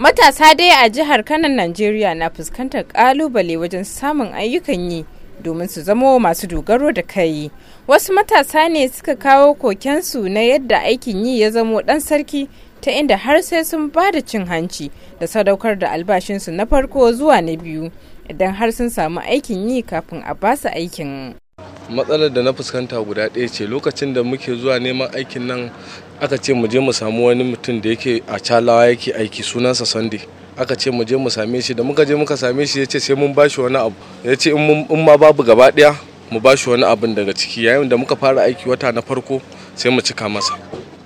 Matasa dai a jihar Kanan Najeriya na fuskantar kalubale wajen samun ayyukan yi domin su zamo masu dogaro da kai. Wasu matasa ne suka kawo kokensu na yadda aikin yi ya zamo dan sarki ta inda har sai sun ba da cin hanci da sadaukar da albashinsu na farko zuwa na biyu idan har sun samu aikin yi kafin a basu aikin. matsalar da na fuskanta guda ɗaya ce lokacin da muke zuwa neman aikin nan aka ce mu je mu samu wani mutum da yake a calawa yake aiki sunansa sande aka ce mu je mu same shi da muka je muka same shi ya ce sai mun bashi wani abu ya ce in ma babu gaba ɗaya mu bashi wani abin daga ciki yayin da muka fara aiki wata na farko sai mu cika masa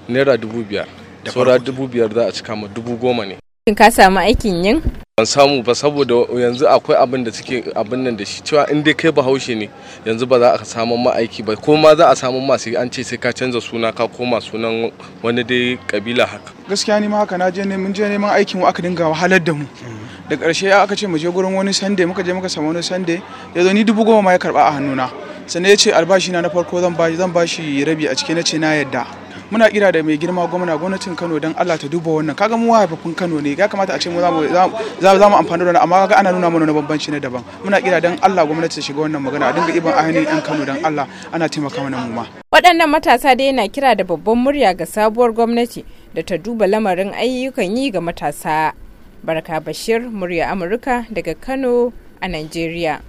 naira dubu biyar saura dubu biyar za a cika ma dubu goma ne ka samu aikin yin ban samu ba saboda yanzu akwai abin da suke abin nan da shi cewa in dai kai bahaushe ne yanzu ba za a samu ma’aiki ba ko ma za a samu masu sai an ce sai ka canza suna ka koma sunan wani dai kabila haka gaskiya ni ma haka na je ne mun je neman aikin mu aka dinga wahalar da mu da ƙarshe aka ce mu je gurin wani sande muka je muka samu wani sande ya zo ni dubu goma ma ya karba a hannuna sannan ya ce albashi na na farko zan bashi rabi a ciki na ce na yadda muna kira da mai girma gwamna gwamnatin Kano dan Allah ta duba wannan kaga mu haifafin Kano ne ya kamata a ce mu za mu za mu amfani da wannan amma kaga ana nuna mana bambanci na daban muna kira dan Allah gwamnati ta shiga wannan magana a dinga iban ainihin yan Kano dan Allah ana taimaka mana mu ma waɗannan matasa dai yana kira da babban murya ga sabuwar gwamnati da ta duba lamarin ayyukan yi ga matasa Barka Bashir, murya Amurka daga Kano a Nigeria.